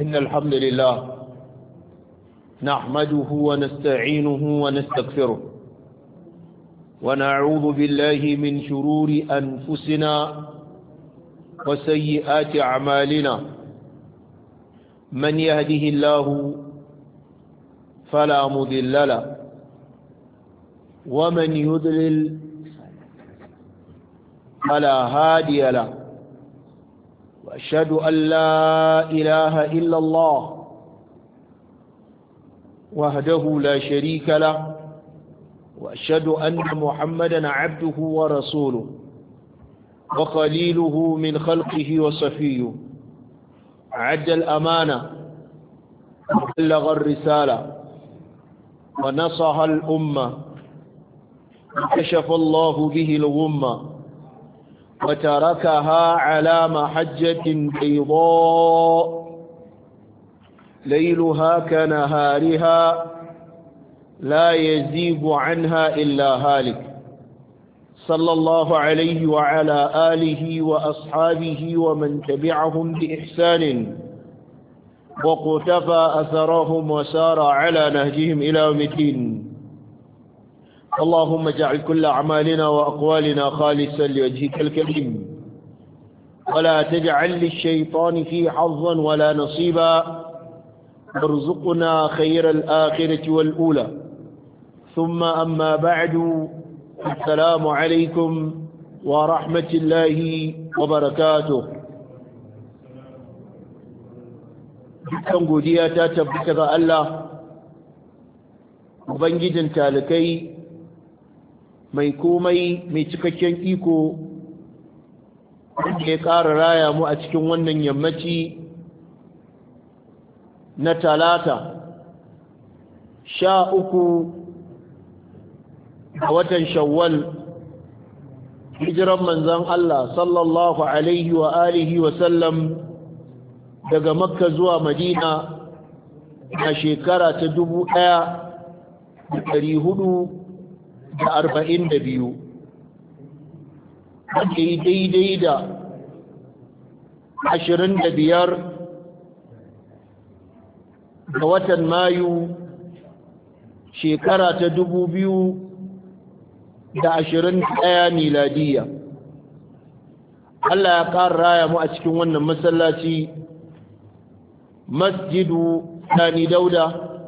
إن الحمد لله نحمده ونستعينه ونستغفره ونعوذ بالله من شرور أنفسنا وسيئات أعمالنا من يهده الله فلا مضل له ومن يذلل فلا هادي له وأشهد أن لا إله إلا الله وهده لا شريك له وأشهد أن محمدا عبده ورسوله وقليله من خلقه وصفيه عد الأمانة وبلغ الرسالة ونصح الأمة وكشف الله به الغمة وتركها على محجة بيضاء ليلها كنهارها لا يزيب عنها إلا هالك صلى الله عليه وعلى آله وأصحابه ومن تبعهم بإحسان وقتفى أثرهم وسار على نهجهم إلى متين اللهم اجعل كل أعمالنا وأقوالنا خالصا لوجهك الكريم ولا تجعل للشيطان فيه حظا ولا نصيبا ارزقنا خير الآخرة والأولى ثم أما بعد السلام عليكم ورحمة الله وبركاته dukkan godiya ta tabbata ga Allah ubangijin talikai mai komai mai cikakken iko wanda ya ƙara raya mu a cikin wannan yammaci na talata sha uku a watan shawwal hijiran manzan Allah sallallahu alaihi wa alihi daga makka zuwa madina a shekara ta dubu ɗaya da ɗari hudu da arba'in da biyu wanda yi daidai da ashirin da biyar ga watan mayu shekara ta dubu biyu da ashirin ɗaya miladiya Allah ya ƙara raya mu a cikin wannan masallaci masjidu sani dauda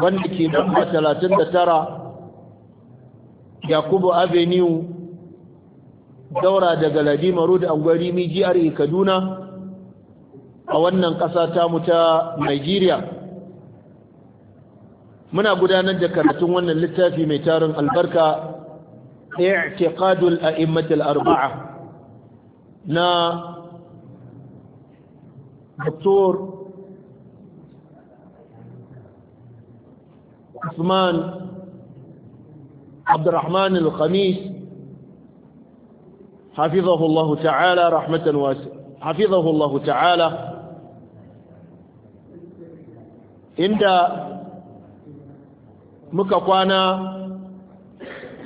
wanda ke namba 39 yakubu avenue daura daga ladima road angwari mi jihar kaduna a wannan ƙasa ta mu ta nigeria muna gudanar da karatun wannan littafi mai tarin albarka i'tiqadul a'immatul arba'a na doktor عثمان عبد الرحمن الخميس حفظه الله تعالى رحمة واسعة حفظه الله تعالى عند مكقوانا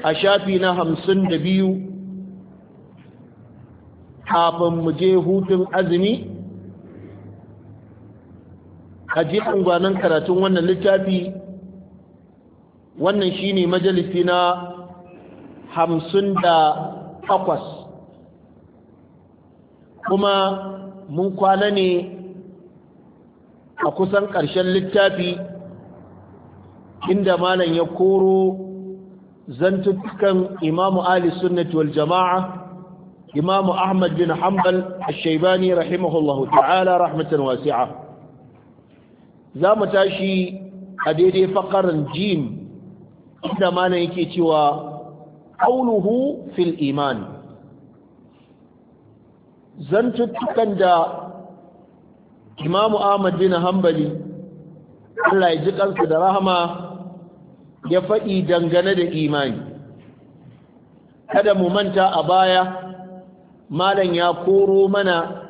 أشافينا همسن دبيو حافظ مجيهوت أزمي a je unguwanin karatun wannan littafi wannan shine majalisi na hamsin da takwas kuma mun kwana ne a kusan ƙarshen littafi inda malam ya koro zantuttukan imamu ali sunnati wal jama'a imamu ahmad bin hanbal al-shaibani rahimahullahu ta'ala rahmatan wasi'a za mu tashi a daidai fakarin jin. inda malam yake cewa qauluhu fil iman zantuttukan da Imam Ahmad bin Hanbali Allah ya ji kansu da rahama ya faɗi dangane da imani kada mu manta a baya malam ya koro mana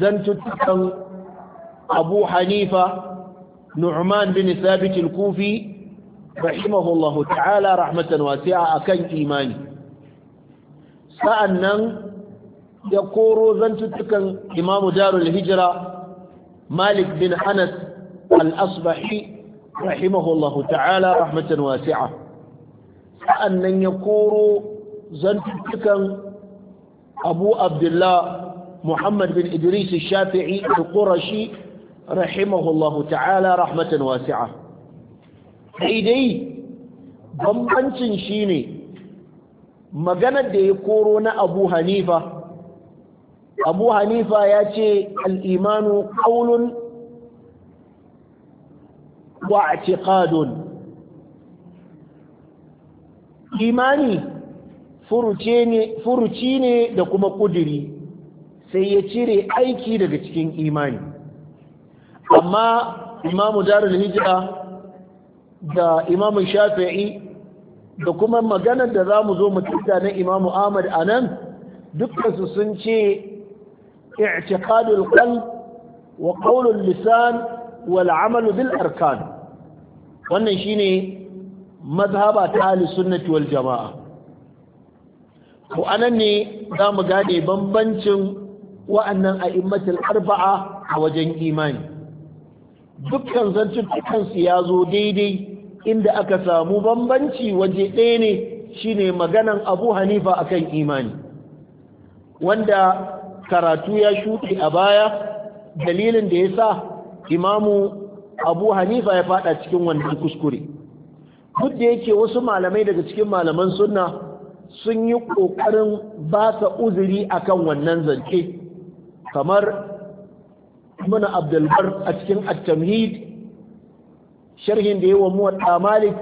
zantuttukan Abu Hanifa Nu'man bin sabit al-Kufi رحمه الله تعالى رحمة واسعة أكن إيماني سأنا يقول ذنت إمام دار الهجرة مالك بن أنس الأصبحي رحمه الله تعالى رحمة واسعة سأنا يقول ذنت أبو عبد الله محمد بن إدريس الشافعي القرشي رحمه الله تعالى رحمة واسعة daidai bambancin shi ne maganar da ya koro na abu hanifa abu hanifa ya ce al'imanu ƙaunun wa a imani furuci ne da kuma ƙudiri sai ya cire aiki daga cikin imani amma imamu darul hijira da imamun shafi'i da kuma maganar da za mu zo mu tuta na imamu ahmad a nan dukkansu sun ce i'tiqadul qalb wa qawlul lisan wal bil arkan wannan shine mazhaba ta ahli sunnati wal jamaa ko anan ne za mu gane bambancin wa'annan a'immatul arba'a a wajen imani dukkan zancen su ya zo daidai inda aka samu bambanci waje ɗaya ne shine maganan abu hanifa akan imani wanda karatu ya shuɗe a baya dalilin da ya sa imamu abu hanifa ya fada cikin wannan kuskure duk da yake wasu malamai daga cikin malaman sunna sun yi ƙoƙarin ba uzuri akan wannan zance kamar ibn abdulbar a cikin at-tamhid sharhin da yawa muwatta malik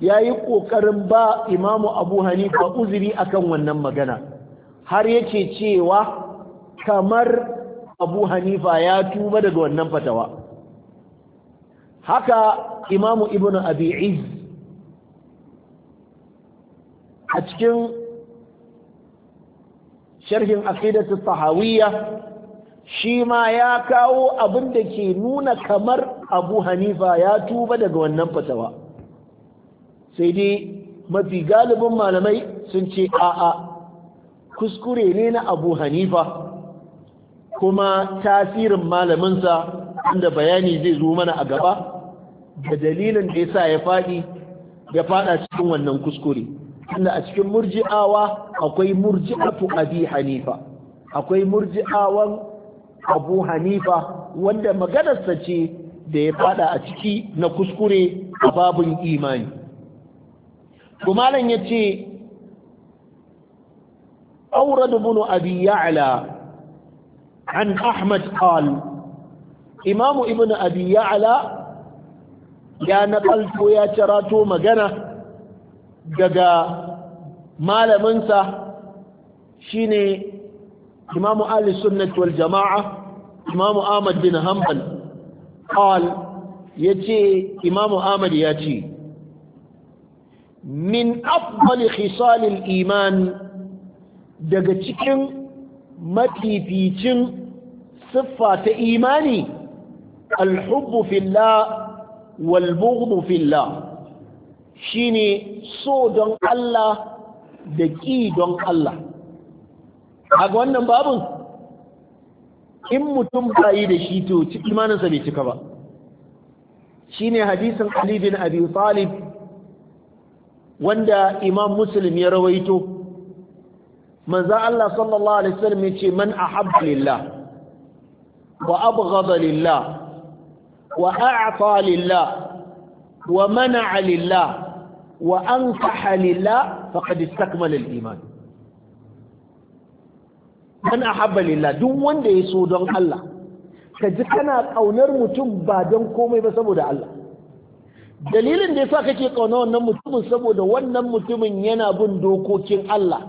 ya yi ƙoƙarin ba imamu abu hanifa uzuri akan wannan magana har yake cewa kamar abu hanifa ya tuba daga wannan fatawa haka imamu ibn abi'iz a cikin sharhin aqidatu tahawiyya shi ma ya kawo abin da ke nuna kamar abu hanifa ya tuba daga wannan fatawa sai dai mafi galibin malamai sun ce a'a kuskure ne na abu hanifa kuma tasirin malaminsa inda bayani zai zo mana a gaba da dalilin da ya sa ya faɗi ya faɗa cikin wannan kuskure inda a cikin murji'awa akwai murji'atu abi hanifa akwai murji'awan abu hanifa wanda maganarsa ce da ya fada a ciki na kuskure a babin imani kumalan ya ce aure da bunu abi an ahmad qal imamu ibn abi ya'ala ya naƙalto ya cirato magana daga malaminsa shine إمام أهل السنة والجماعة إمام آمد بن همبل قال يتي إمام آمد يتي من أفضل خصال الإيمان daga cikin mafificin siffa ta imani alhubbufilla, fillah wal bughdu shine so don Allah da ƙi don Allah kaga wannan babun in mutum ba yi da shi to imaninsa bai cika ba shine hadisin Ali bin Abi Talib wanda Imam Muslim ya rawaito za Allah sallallahu alaihi wasallam yace man a lillah wa abghada lillah wa a'ta lillah wa mana'a lillah wa ankaha lillah faqad istakmala al-iman man ahabba lillah duk wanda ya so don Allah ka ji kana kaunar mutum ba don komai ba saboda Allah dalilin da yasa kake kauna wannan mutumin saboda wannan mutumin yana bin dokokin Allah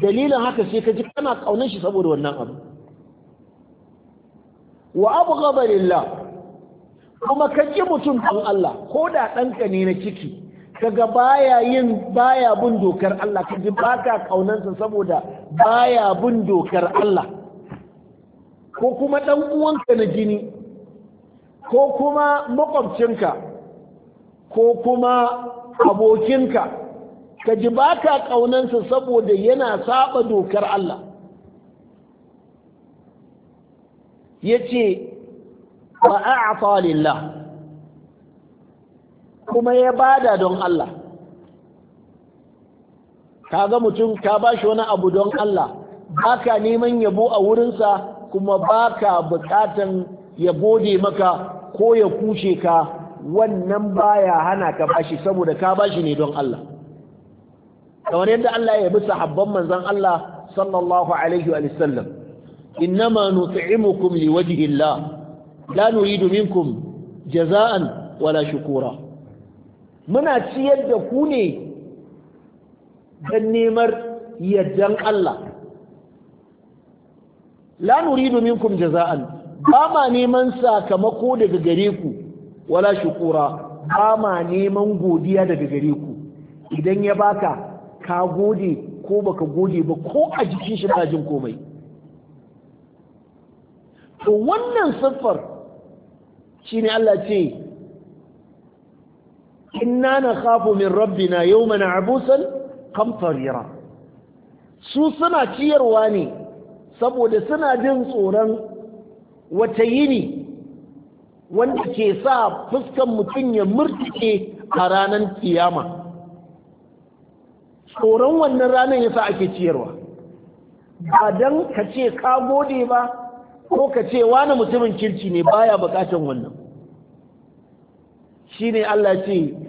dalilin haka sai ka ji kana kaunar shi saboda wannan abu wa abghada lillah kuma ka ji mutum don Allah ko da ɗanka ne na ciki kaga baya yin baya bin dokar Allah kaji baka kaunansa saboda baya bin dokar Allah ko kuma ɗan uwanka na jini ko kuma makwabcinka ko kuma abokinka ka ji ba ka ƙaunansa saboda yana saba dokar Allah ya ce ba a lillah kuma ya bada don Allah ka ga mutum ka ba shi wani abu don Allah ba ka neman yabo a wurinsa kuma ba ka bukatan ya gode maka ko ya kushe ka wannan baya hana ka bashi saboda ka bashi ne don Allah kamar yadda Allah ya bi sahabban manzon Allah sallallahu alaihi wa sallam innama nut'imukum liwajhi la nuridu minkum jaza'an wala shukura muna ciyar da ku ne don nemar yaddan Allah la nuridu minkum jaza'an ba ma neman sakamako daga gare ku wala shukura ba ma neman godiya daga gare ku idan ya baka ka gode ko baka gode ba ko a jikin shi ba jin komai to wannan siffar shine Allah ce inna nakhafu min rabbina yawman abusan kamfarira su suna ciyarwa ne saboda suna jin tsoron wata yini wanda ke sa fuskan mutum ya murtike a ranar kiyama tsoron wannan ranar ya yasa ake ciyarwa ba don ka ce ka gode ba ko ka ce wani mutumin kirci ne baya bukatan wannan Shi ne Allah ce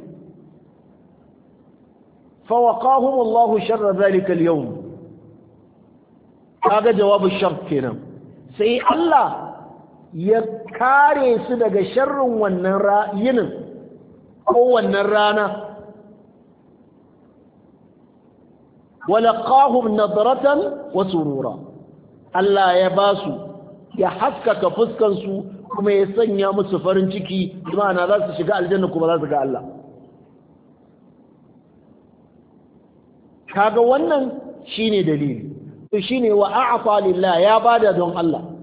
فوقاهم الله شر ذلك اليوم هذا جواب الشرط كنا سي الله يكاري سدق شر ونرى ينم هو النرانة ولقاهم نظرة وسرورا الله يباسو يحسك كفسكنسو كما يسنى مصفرنشكي بمعنى ذلك الشقاء الجنة كما ذلك الله kaga wannan shine dalili to shine wa a'fa lillah ya bada don Allah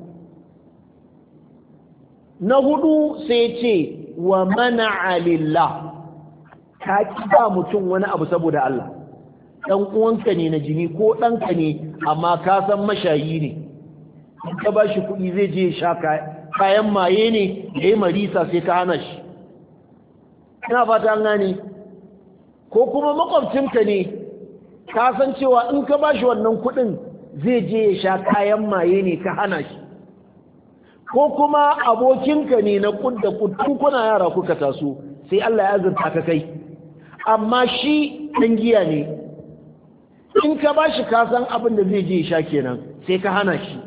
na hudu sai ce wa mana'a lillah ka kiba mutum wani abu saboda Allah dan uwanka ne na jini ko ɗanka ne amma ka san mashayi ne ka ba shi kuɗi zai je sha kayan maye ne ya marisa sai ka hana shi ina fata an gane ko kuma makwabcinka ne ka san cewa in ka ba shi wannan kuɗin zai je ya sha kayan maye ne ka hana shi ko kuma abokinka ne na kudda kudu kuna yara kuka taso sai Allah ya zanta ka kai amma shi ɗan giya ne in ka ba shi kasan abin da zai je ya sha kenan sai ka hana shi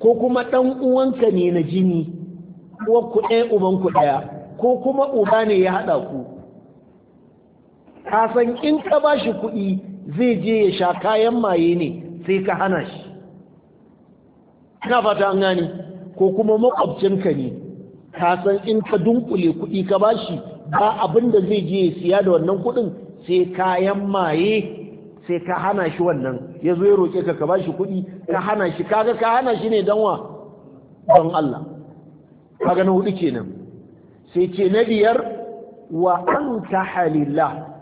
ko kuma ɗan uwanka ne na jini uwanku kuɗe uban ɗaya ko kuma uba ne ya haɗa ku kasan in ka ba shi kuɗi zai je ya sha kayan maye ne sai ka hana shi ina fata an gani. ko kuma makwabcinka ne ka san in ka dunkule kuɗi ka bashi ba abin da zai je ya siya da wannan kuɗin sai kayan maye sai ka hana shi wannan ya zo ya roƙe ka ka shi kuɗi ka hana shi kaga ka hana shi ne don wa don Allah kaga na hudu kenan sai ce na biyar wa an halillah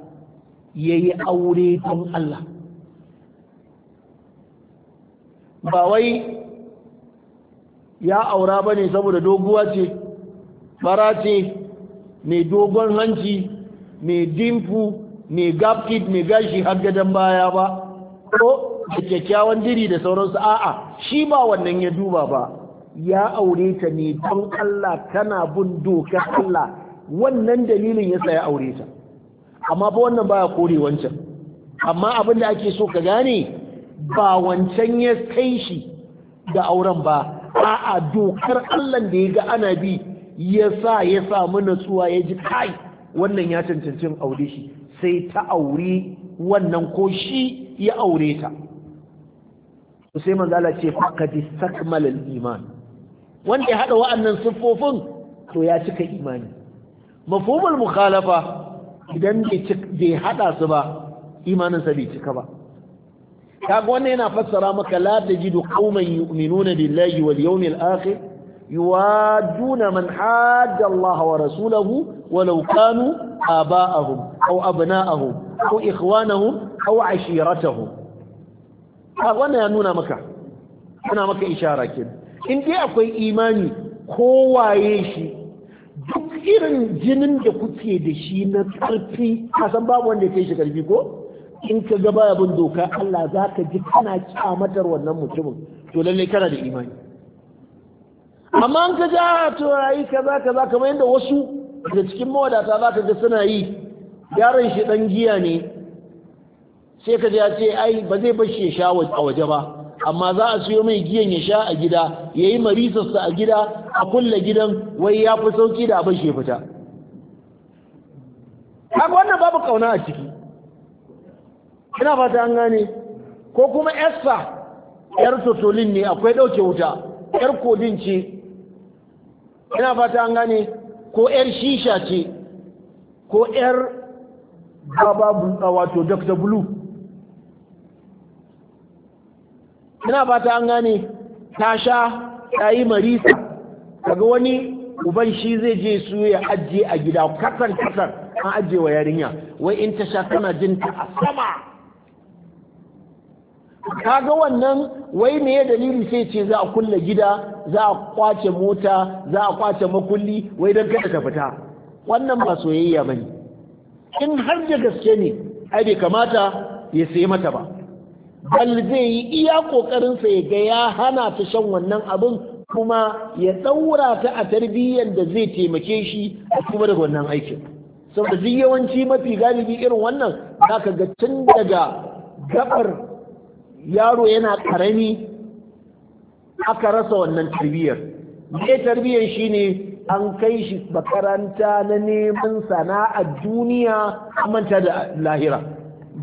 ya yi aure don Allah ba wai ya aura ba ne saboda doguwa ce fara ce mai dogon hanci mai dimfu mai gafkid mai gashi har gadon baya ba ko da kyakkyawan diri da sauransu a'a shi ba wannan ya duba ba ya aure ta ne don Allah tana bin dokar Allah wannan dalilin ya saya aure ta. amma ba wannan baya kore wancan amma abin da ake so ka gane ba wancan ya kai shi da auren ba a'a dokar Allah da ya ga ana bi ya sa ya samu natsuwa ya ji kai wannan ya cancancin aure shi sai ta aure wannan ko shi ya aure ta sai manzala ce faqad istakmala al-iman wanda ya hada wa'annan siffofin to ya cika imani mafhumul mukhalafa idan bai hada su ba imaninsa bai cika ba kaga wannan yana fassara maka la tajidu qauman yu'minuna billahi wal yawmil akhir yuwaduna man hadda Allah wa rasulahu walau kanu aba'ahum aw abna'ahum aw ikhwanahum aw ashiratahum kaga wannan ya nuna maka yana maka ishara in dai akwai imani kowaye shi irin jinin da kuke da shi na ƙarfi kasan babu wanda ya kai shi ƙarfi ko in ka gaba bin doka Allah za ka ji kana kyamatar wannan mutumin to lallai kana da imani amma an ka ja ah, to rayi kaza kaza kamar yadda wasu da cikin mawadata za ka ga suna yi yaron shi dan giya ne sai ka ya ce ai ba zai bar shi ya sha a waje ba amma za a siyo mai giyan ya sha a gida ya yi marisarsa a gida a kulle gidan wai ya fi sauki da abin shi fita haka wannan babu kauna a ciki ina fata an gane ko kuma esta yar totolin ne akwai ɗauke wuta yar kodin ce ina fata an gane ko yar shisha ce ko yar babu wato dr blue ina fata an gane ta sha ta yi marisa daga wani uban shi zai je su ya ajiye a gida kasan kasan an ajiye wa yarinya wai in ta sha tana jin ta a sama kaga wannan wai me ya dalili sai ce za a kulle gida za a kwace mota za a kwace makulli wai don kada ta fita wannan ba soyayya ba ne. in har da gaske ne ai bai kamata ya sayi mata ba bal zai yi iya ƙoƙarinsa ya ga ya hana ta shan wannan abin kuma ya ɗaura ta a tarbiyyar da zai taimake shi a kuma daga wannan aikin saboda duk yawanci mafi galibi irin wannan za ka ga tun daga gabar yaro yana ƙarami aka rasa wannan tarbiyyar me tarbiyyar shine an kai shi makaranta na neman sana'ar duniya a manta da lahira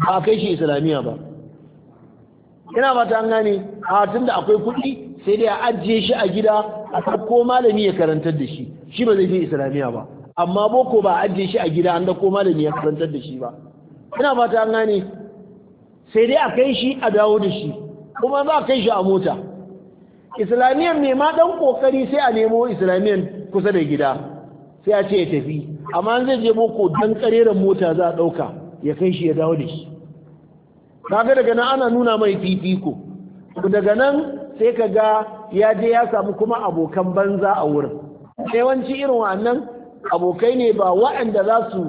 ba kai shi islamiyya ba yana ba ta an gane a tun da akwai kuɗi sai dai a ajiye shi a gida a ɗauko malami ya karantar da shi shi ba zai je islamiyya ba amma boko ba a ajiye shi a gida an ɗauko malami ya karantar da shi ba yana ba ta an gane sai dai a kai shi a dawo da shi kuma za a kai shi a mota islamiyan ne ma dan kokari sai a nemo islamiyan kusa da gida sai a ce ya tafi amma zai je boko dan ƙareren mota za a ɗauka ya kai shi ya dawo da shi kaga daga nan ana nuna mai fifiko daga nan sai ka ga ya je ya samu kuma abokan banza a wurin yawanci irin wannan abokai ne ba waɗanda za su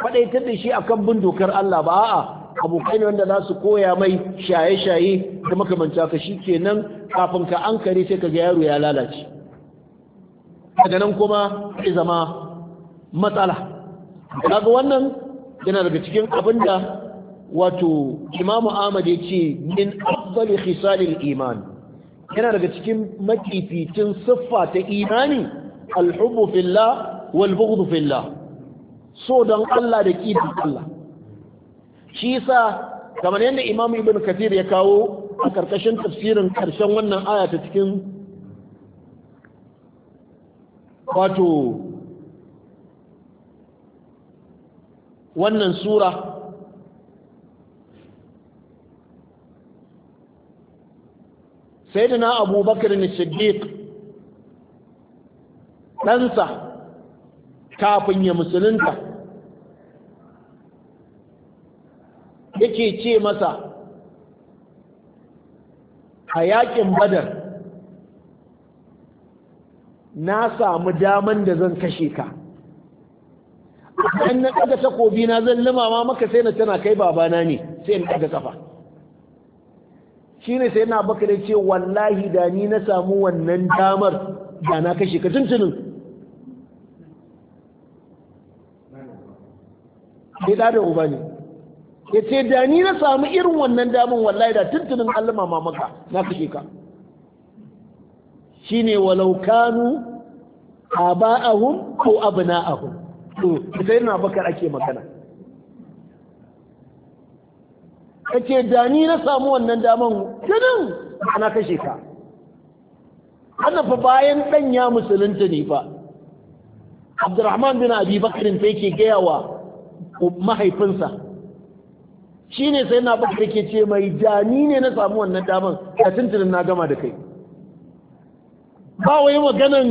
faɗaitar da shi akan bin dokar Allah ba a'a abokai ne wanda za su koya mai shaye-shaye da makamanta ka shi ke nan kafin ka an kare sai ka ga yaro ya lalace daga nan kuma zai zama matsala kaga wannan yana daga cikin abin da wato imamu ahmad ya ce min abbali khisalil iman yana daga cikin makificin siffa ta imani alhubbu fillah wal bughdhu fillah so don Allah da kibin Allah shi yasa kamar yadda Imam ibn kathir ya kawo a karkashin tafsirin karshen wannan aya ta cikin wato wannan sura sayyidina abubakar na siddiq ɗansa kafin ya musulunta yake ce masa a badar na samu daman da zan kashe ka an na ɗaga takobi na zan limama maka sai na tana kai babana ne sai in ɗaga kafa shine sai na baka ya ce wallahi da ni na samu wannan damar da na kashe ka tuntunin sai da uba ne ya ce da ni na samu irin wannan damar wallahi da tuntunin allama mamaka na kashe ka Shi ne walau kanu ba'ahun ko abna'ahum to sai na bakar ake magana kace da ni na samu wannan daman tunin ana kashe ka ana fa bayan dan ya musulunta ne fa Abdurrahman bin Abi Bakr ta yake gaya wa mahaifinsa shine sai na bakar yake ce mai jani ne na samu wannan daman a tuntunin na gama da kai ba wai maganan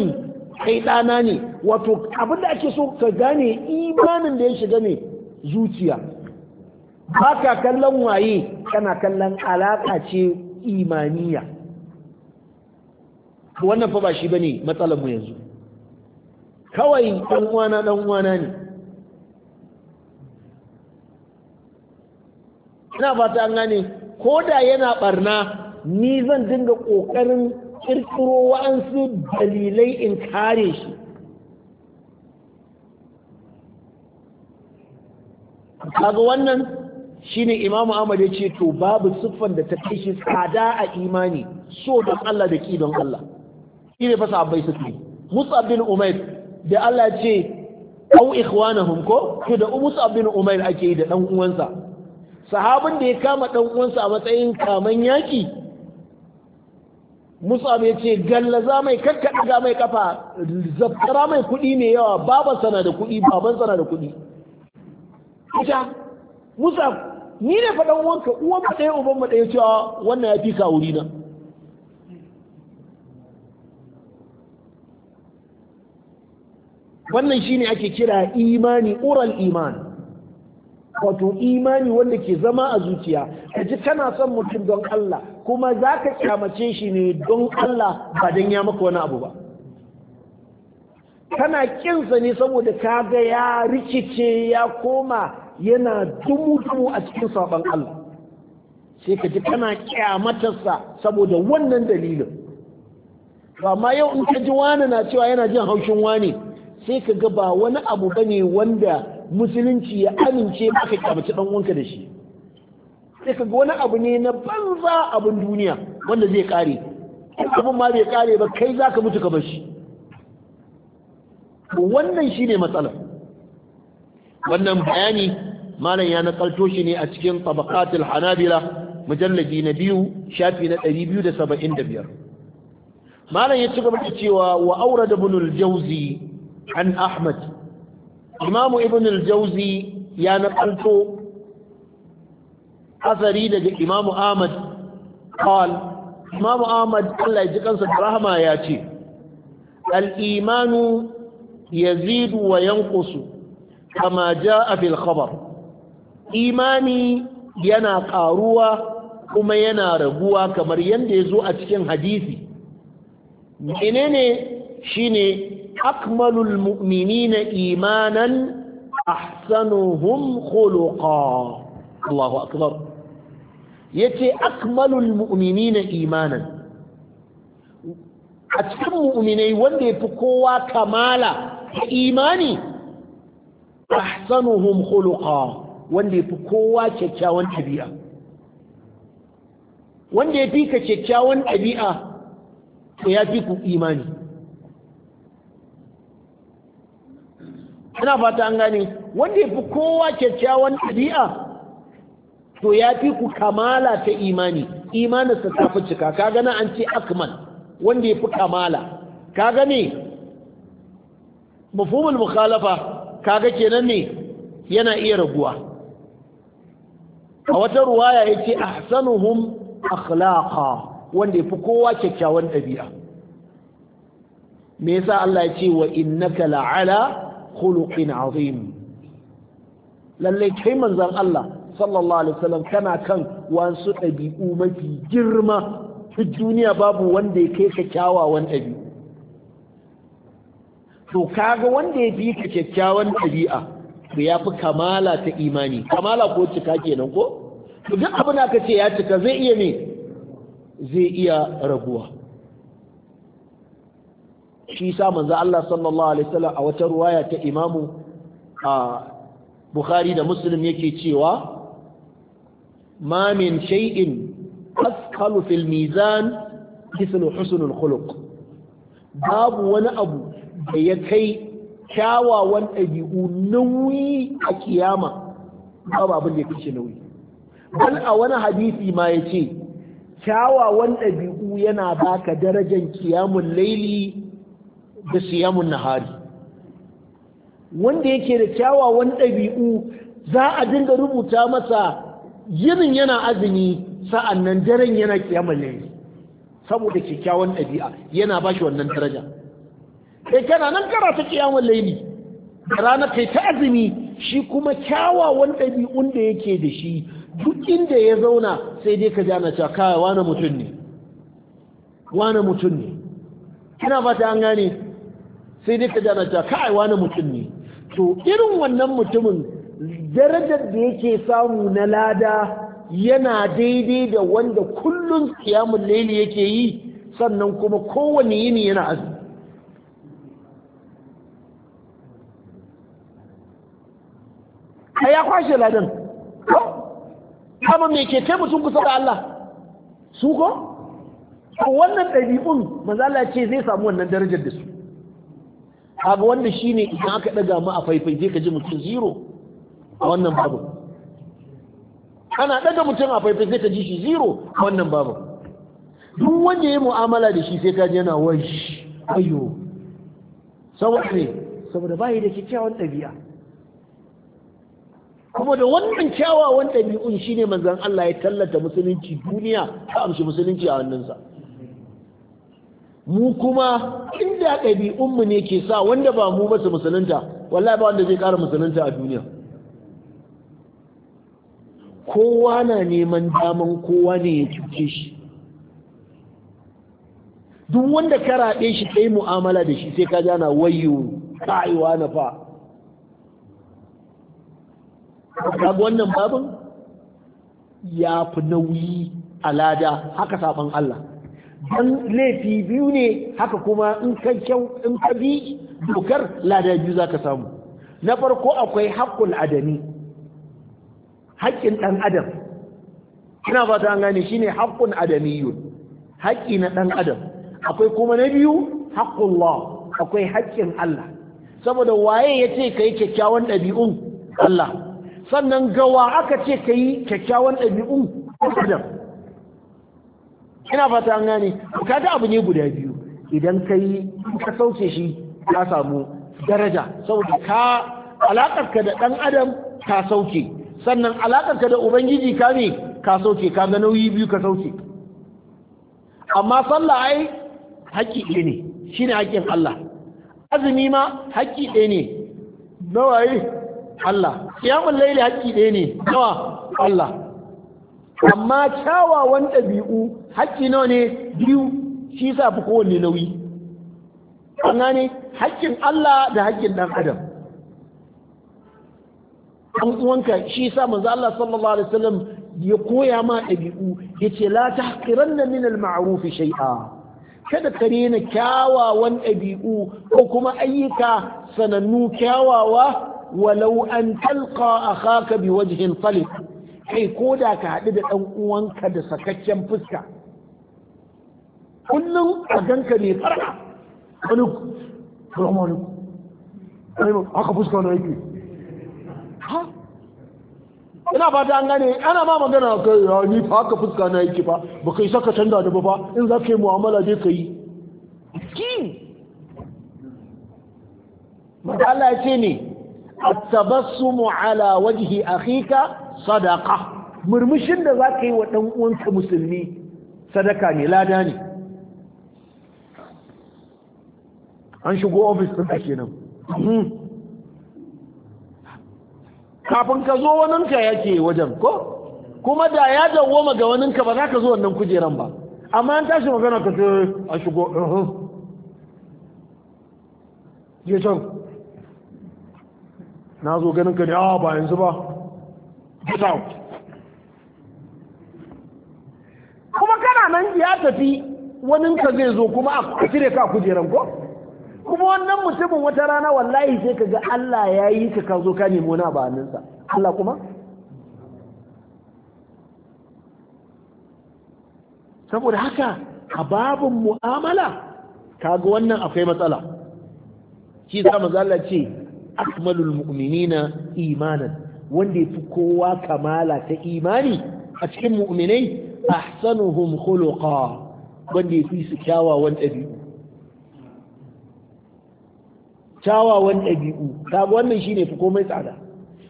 kai dana ne wato abinda ake so ka gane imanin da ya shiga ne zuciya ba ka kallon waye kana kallon alaƙa ce imaniya wannan fa ba shi bane matsalar mu yanzu kawai dan uwana dan uwana ne ina fata an gane ko da yana barna ni zan dinga ƙoƙarin kirkiro wa'ansu dalilai in kare shi kaga wannan shine Imam Ahmad ya ce to babu siffan da ta kai shi tsada a imani so don Allah da ki don Allah shine fa sahabbai suke Mus'ab bin Umair da Allah ce au ikhwanahum ko to da Mus'ab bin Umair ake yi da dan uwansa sahabin da ya kama dan uwansa a matsayin kaman yaki Mus'ab ya ce gallaza mai kakkada ga mai kafa zaftara mai kuɗi mai yawa babansa na da kuɗi babansa na da kuɗi Musa ni ne faɗan wanka uwan mu ɗaya uban mu ɗaya cewa wannan ya fi ka wuri na wannan shine ake kira imani ural iman wato imani wanda ke zama a zuciya ka ji kana son mutum don Allah kuma za ka kyamace shi ne don Allah ba don ya maka wani abu ba kana kinsa ne saboda ka ga ya rikice ya koma yana dumu-dumu a cikin saban Allah sai ka ji kana kyamatarsa saboda wannan dalilin amma yau in ka ji wani na cewa yana jin haushin wani sai ka ga ba wani abu ba ne wanda musulunci ya amince ba ka kyamaci dan wanka da shi sai ka ga wani abu ne na banza abin duniya wanda zai kare abin ma bai kare ba kai za ka mutu ka bar shi wannan shine matsalar wannan bayani malam ya nakalto shi ne a cikin tabaqatul hanabila mujalladi na biyu shafi na 275 malam ya ci gaba da cewa wa aurad ibn al-jawzi an ahmad Imam ibn al-jawzi ya nakalto asari daga Imam ahmad qal Imam ahmad Allah ya ji kansa da rahama ya ce al-imanu yazidu wa yanqusu kama jaa bil imani yana karuwa kuma yana raguwa kamar ya yazo a cikin hadisi menene shine akmalul mu'minina imanan ahsanuhum khuluqa Allahu akbar yace akmalul mu'minina imanan a cikin mu'minai wanda ya fi kowa kamala da imani ahsanuhum khuluqa wanda yafi kowa kyakkyawan ɗabi'a wanda ya fi ka kyakkyawan ɗabi'a to ya fi ku imani ina fata an gane wanda ya fi kowa kyakkyawan ɗabi'a to ya fi ku kamala ta imani imaninsa ta fi cika ka gana an ce akmal wanda ya fi kamala ka gane mafhumul mukhalafa kaga kenan ne yana iya raguwa a wata ruwaya yace ahsanuhum akhlaqa wanda yafi kowa kyakkyawan ɗabi'a me yasa Allah ya ce wa kala ala khuluqin azim lalle kai manzon Allah sallallahu alaihi wasallam kana kan wasu ɗabi'u mafi girma duk duniya babu wanda ya kai kyakkyawan ɗabi'u to kaga wanda ya fi ka kyakkyawan ɗabi'a to ya fi kamala ta imani kamala ko cika kenan ko to duk abin da ka ce ya cika zai iya me zai iya raguwa shi sa manzo Allah sallallahu alaihi wasallam a wata ruwaya ta Imamu a Bukhari da Muslim yake cewa ma min shay'in asqalu fil mizan mithlu husnul khuluq babu wani abu da ya kai kyawawan ɗabi'u nauyi a kiyama babu abin da ya kashe nauyi Ban a wani hadisi ma ya ce kyawawan ɗabi'u yana baka darajar kiyamun laili da siyamun nahari wanda yake da kyawawan ɗabi'u za a dinga rubuta masa yinin yana azumi nan daren yana kiyamun laili saboda kyakkyawan ɗabi'a yana ba shi wannan daraja kai eh, kana nan kana ta kiyamun laili da rana kai ta azumi shi kuma kyawawan ɗabi'un da yake da shi duk inda ya zauna sai dai ka ji ana cewa kawai wani mutum ne wani mutum ne ina fata an gane sai dai ka ji ana cewa kawai wani mutum ne to irin wannan mutumin darajar da yake samu na lada yana daidai da wanda kullum kiyamun laili yake yi sannan kuma kowane yini yana azumi a ya kwashe ladan amma me ke kai mutum kusa da Allah su ko wannan ɗabi'un mazala ce zai samu wannan darajar da su kaga wanda shine idan aka daga mu a faifai je ka ji mutum zero a wannan babu Kana daga mutum a faifai sai ka ji shi zero a wannan babu duk wanda ya mu'amala da shi sai ka ji yana wai ayo saboda ne saboda bai da kyakkyawan ɗabi'a kuma da wannan kyawawan ɗabi'un shine manzan Allah ya tallata musulunci duniya ta amshi musulunci a hannunsa mu kuma inda ɗabi'unmu ne ke sa wanda ba mu ba su musulunta wallahi ba wanda zai ƙara musulunta a duniya kowa na neman daman kowa ne ya cuce shi duk wanda ka raɗe shi ɗai mu'amala da shi sai ka jana wayo kaiwa na fa kaga wannan babin ya fi nauyi a lada haka saban Allah don laifi biyu ne haka kuma in ka kyau in ka bi dokar lada biyu ka samu na farko akwai haƙƙun adami haƙƙin ɗan adam ina fata gane shine haƙƙun yun haƙƙi na ɗan adam akwai kuma na biyu wa? akwai haƙƙin Allah saboda waye ya ce ka yi kyakkyawan ɗabi'un Allah sannan gawa aka ce ka yi kyakkyawan ɗabi'u adam ina fata an gane kaga abu ne guda biyu idan ka yi ka sauke shi ya samu daraja saboda ka alaƙarka da ɗan adam ka sauke sannan alaƙarka da ubangiji ka ne ka sauke ka ga nauyi biyu ka sauke amma sallah ai haƙƙi ɗaya ne shi ne haƙƙin Allah azumi ma haƙƙi ɗaya ne nawaye Allah kiyamun laili haƙƙi ɗaya ne nawa Allah amma kyawawan ɗabi'u haƙƙi nawa ne biyu shi sa fi kowanne nauyi an gane haƙƙin Allah da haƙƙin ɗan adam an uwanka shi sa manzo Allah sallallahu alaihi wasallam ya koya ma ɗabi'u yace la tahqiranna min al-ma'ruf shay'a kada ka rena kyawawan ɗabi'u ko kuma ayyuka sanannu kyawawa walau an talqa akhaka bi wajhin talib kai ko da ka haɗu da ɗan uwanka da sakaccen fuska kullum a ganka ne fara wani salamu alaikum haka fuska na yake ha ina fata an gane ana ma magana kai ya ni fa haka fuska na yake fa ba kai saka canza da ba in za ka yi mu'amala dai ka yi ki Allah ya ce ne at-tabassumu ala wajhi akhika sadaqa murmushin da zaka yi wa dan uwanka musulmi sadaka ne lada ne an shigo ofis din ka kenan mhm. kafin ka zo waninka yake wajen ko kuma da ya dawo dawoma ga ka ba za ka zo wannan kujeran ba amma an tashi magana ka ce a shigo ya mhm. can na zo ganin ka ne a ah, ba yanzu ba get out kuma kana nan ya tafi wani ka zai zo kuma a cire ka kujeran ko kuma wannan mutumin wata rana wallahi sai ka ga Allah ya yi ka ka zo ka nemi wani ba hannunsa Allah kuma saboda haka a babin mu'amala kaga wannan akwai matsala shi za mu ce akmalul mu'minina imanan wanda yafi kowa kamala ta imani a cikin mu'minai ahsanuhum khuluqa wanda yafi su kyawawan ɗabi'u kyawawan ɗabi'u kaga wannan shine fi komai tsada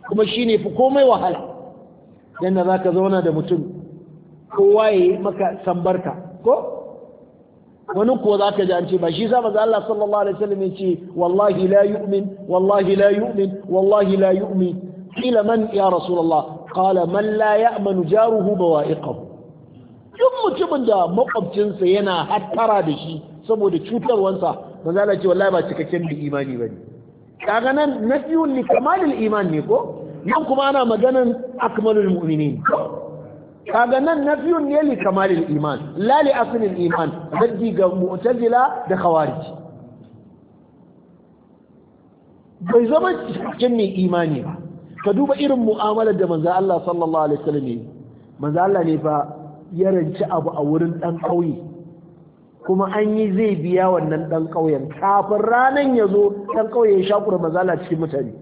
kuma shine fi komai wahala yanda zaka zauna da mutum kowa yayi maka sambarka ko wani kuwa za ka ji an ce ba shi sa maza Allah sallallahu alaihi wasallam ya ce wallahi la yu'min wallahi la yu'min wallahi la yu'min qila man ya rasulullah qala man la ya'manu jaruhu bawa'iqahu duk mutumin da makwabcinsa yana hattara da shi saboda cutarwansa maza Allah ce wallahi ba cikakken da imani bane kaga nan nafiyun li kamalil iman ne ko nan kuma ana maganan akmalul mu'minin kaga nan na nafiyun ne li kamalin iman la li aslil iman raddi ga mu'tazila da khawarij bai zama cikin mai imani ba ka duba irin mu'amalar da manzo Allah sallallahu alaihi wasallam ne manzo Allah ne fa ya ranci abu a wurin dan kauye kuma an yi zai biya wannan dan kauyen kafin ranan ya zo dan kauye ya shakura manzo Allah cikin mutane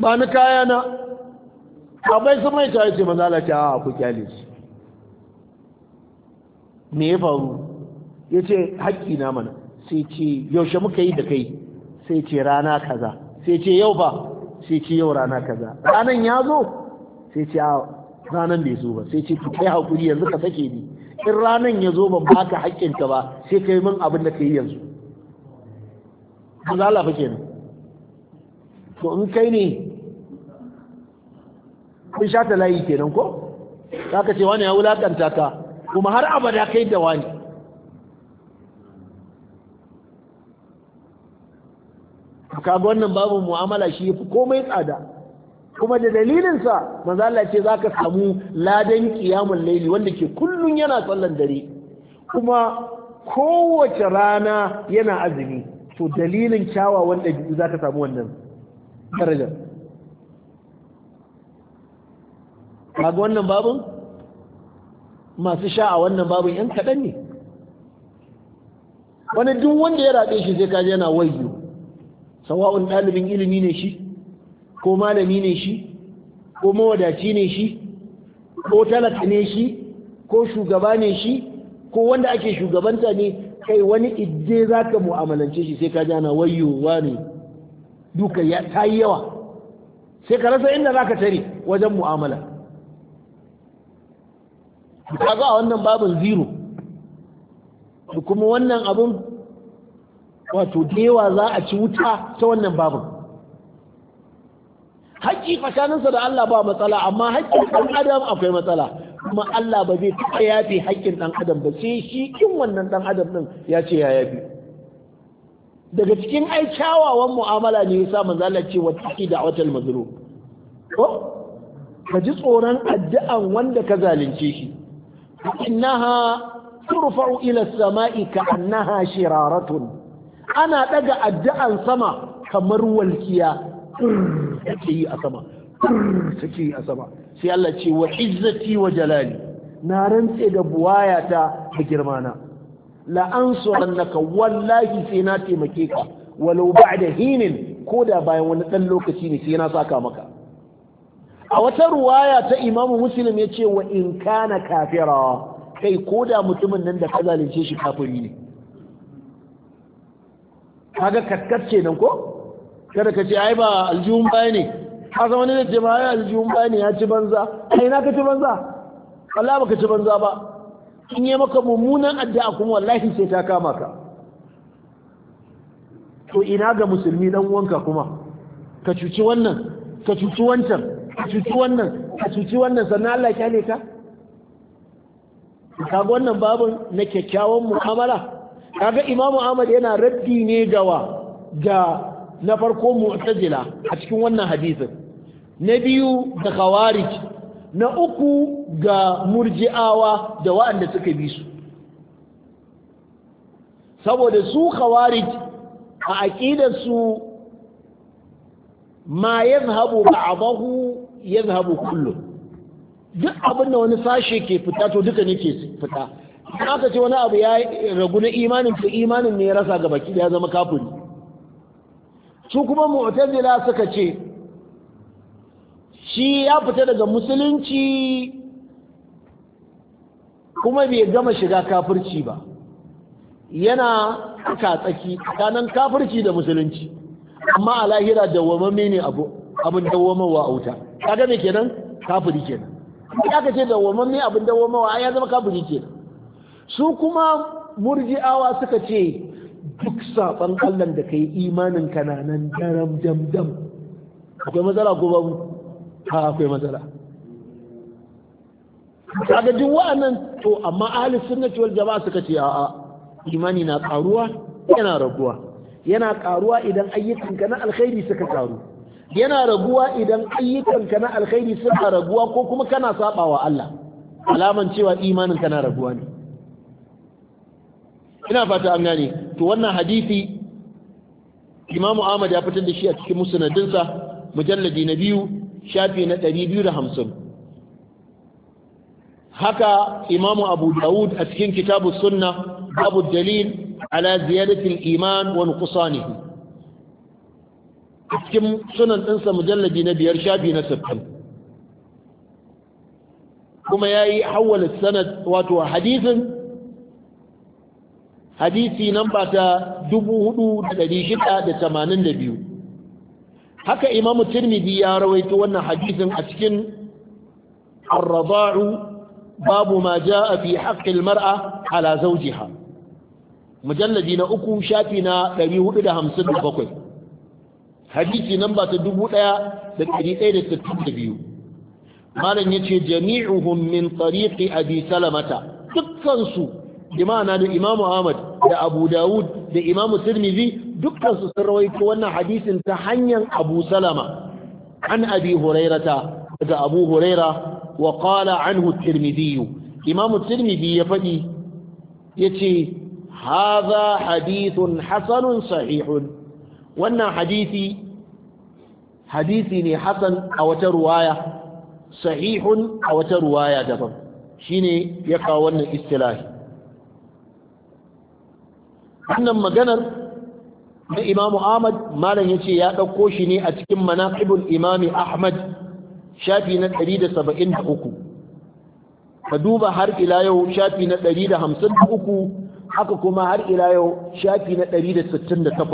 ba na kaya na abai sun mai cewa ce maza Allah ce a ku kyale shi me ya faru ya ce haƙƙi na mana sai ce yaushe muka yi da kai sai ce rana kaza sai ce yau ba sai ce yau rana kaza ranan ya zo sai ce a ranan bai zo ba sai ce ku kai haƙuri yanzu ka sake ni in ranan ya zo ba ba ka haƙƙinka ba sai kai min abin da ka yi yanzu. fa kenan. To in kai ne kun sha ta layi kenan ko za ce wani ya wulakanta ka kuma har abada kai da wani kaga wannan babu mu'amala shi yafi komai tsada kuma da dalilinsa manzo Allah ce zaka samu ladan qiyamul layli wanda ke kullun yana sallan dare kuma kowace rana yana azumi to dalilin kyawawan dabi'u zaka samu wannan darajar kaga wannan babin masu sha a wannan babin yan kaɗan ne wani duk wanda ya raɗe shi sai kaji yana wayo sawa'un ɗalibin ilimi ne shi ko malami ne shi ko mawadaci ne shi ko talaka ne shi ko shugaba ne shi ko wanda ake shugabanta ne kai wani idde za ka mu'amalance shi sai ka jana wayowa ne duka ta yi yawa sai ka rasa inda za ka tare wajen mu'amala kaga a wannan babin zero da kuma wannan abin wato dewa za a ci wuta ta wannan babin haƙƙi tsakaninsa da Allah ba matsala amma haƙƙin ɗan adam akwai matsala kuma Allah ba zai taɓa yafe haƙƙin ɗan adam ba sai shi kin wannan ɗan adam ɗin ya ce ya yafe daga cikin ai kyawawan mu'amala ne yasa manzo Allah ce wa da watal mazlum ko ka ji tsoron addu'an wanda ka zalunce shi innaha turfa'u ila samai ka'annaha shiraratun ana daga addu'an sama kamar walkiya take yi a sama take yi a sama sai Allah ce wa izzati wa jalali na rantse da buwayata da girmana la ansurannaka wallahi sai na taimake ka walau ba'da hinin koda bayan wani dan lokaci ne sai na saka maka a wata ruwaya ta imamu muslim ya ce wa in kana kafira kai ko da mutumin nan da ka zalunce shi kafiri ne kaga kaskacce nan ko kada ka ce ai ba aljihun baya ne ka zama ne da ce ma aljihun baya ne ya ci banza kai na ka ci banza Allah baka ci banza ba in yi maka mummunan addu'a kuma wallahi sai ta kama ka to ina ga musulmi dan uwanka kuma ka cuci wannan ka cuci wancan ka cuci wannan ka cuci wannan sannan Allah kyale ka kaga wannan babun na kyakkyawan mu'amala kaga Imam Ahmad yana raddi ne gawa ga na farko mu'tazila a cikin wannan hadisin na biyu da khawarij na uku ga murji'awa da waɗanda suka bi su saboda su khawarij a su ma yadhhabu ba'dahu ya zahabu kullum duk abin da wani sashe ke fita to duka ne ke fita in ka ce wani abu ya ragu na imanin ko imanin ne ya rasa ga baki ya zama kafiri su kuma mu'tazila suka ce shi ya fita daga musulunci kuma bai gama shiga kafirci ba yana ka tsaki tsakanin kafirci da musulunci amma a lahira dawwamamme ne abu abin dawwamawa a wuta kaga me kenan kafiri kenan sai aka ce ne abin da wa ya zama kafiri kenan su kuma murji'awa suka ce duk saban Allah da kai imanin kananan daram dam dam akwai matsala ko babu ha akwai matsala kaga duk wa'annan to amma ahli sunnati wal jama'a suka ce a'a imani na karuwa yana raguwa yana karuwa idan ayyukan ka na alkhairi suka karu yana raguwa idan ayyukanka na alkhairi suna raguwa ko kuma kana sabawa Allah alaman cewa imanin na raguwa ne ina fata an gane to wannan hadisi Imam Ahmad ya fitar da shi a cikin musnadinsa mujalladi na biyu shafi na 250 haka Imam Abu Dawud a cikin kitabus sunna babu dalil ala al iman wa nuqsanihi cikin sunan ɗinsa mujallabi na biyar shafi na sittin kuma ya yi hawala sanad wato hadisin hadisi nan namba ta biyu. haka imamu tirmidhi ya rawaito wannan hadisin a cikin ar babu ma jaa fi haqqi al-mar'a ala zawjiha mujalladi na uku shafi na 457 hadisi namba ta biyu malam yace jami'uhum min tariqi abi salamata dukkan su imana da imamu ahmad da abu dawud da imamu tirmidhi dukkan su sun rawaito wannan hadisin ta hanyar abu salama an abi hurairata daga abu huraira wa qala anhu tirmidhi imamu tirmidhi ya fadi yace hadha hadithun hasanun sahihun wannan hadisi hadisi ne hasan a wata ruwaya sahihun a wata ruwaya daban shine ya kawo wannan istilahi wannan maganar na Imam ahmad malam ya ce ya ɗauko shi ne a cikin manaqibul imami ahmad shafi na 173 ka duba har ila yau shafi na 153 haka kuma har ila yau shafi na 168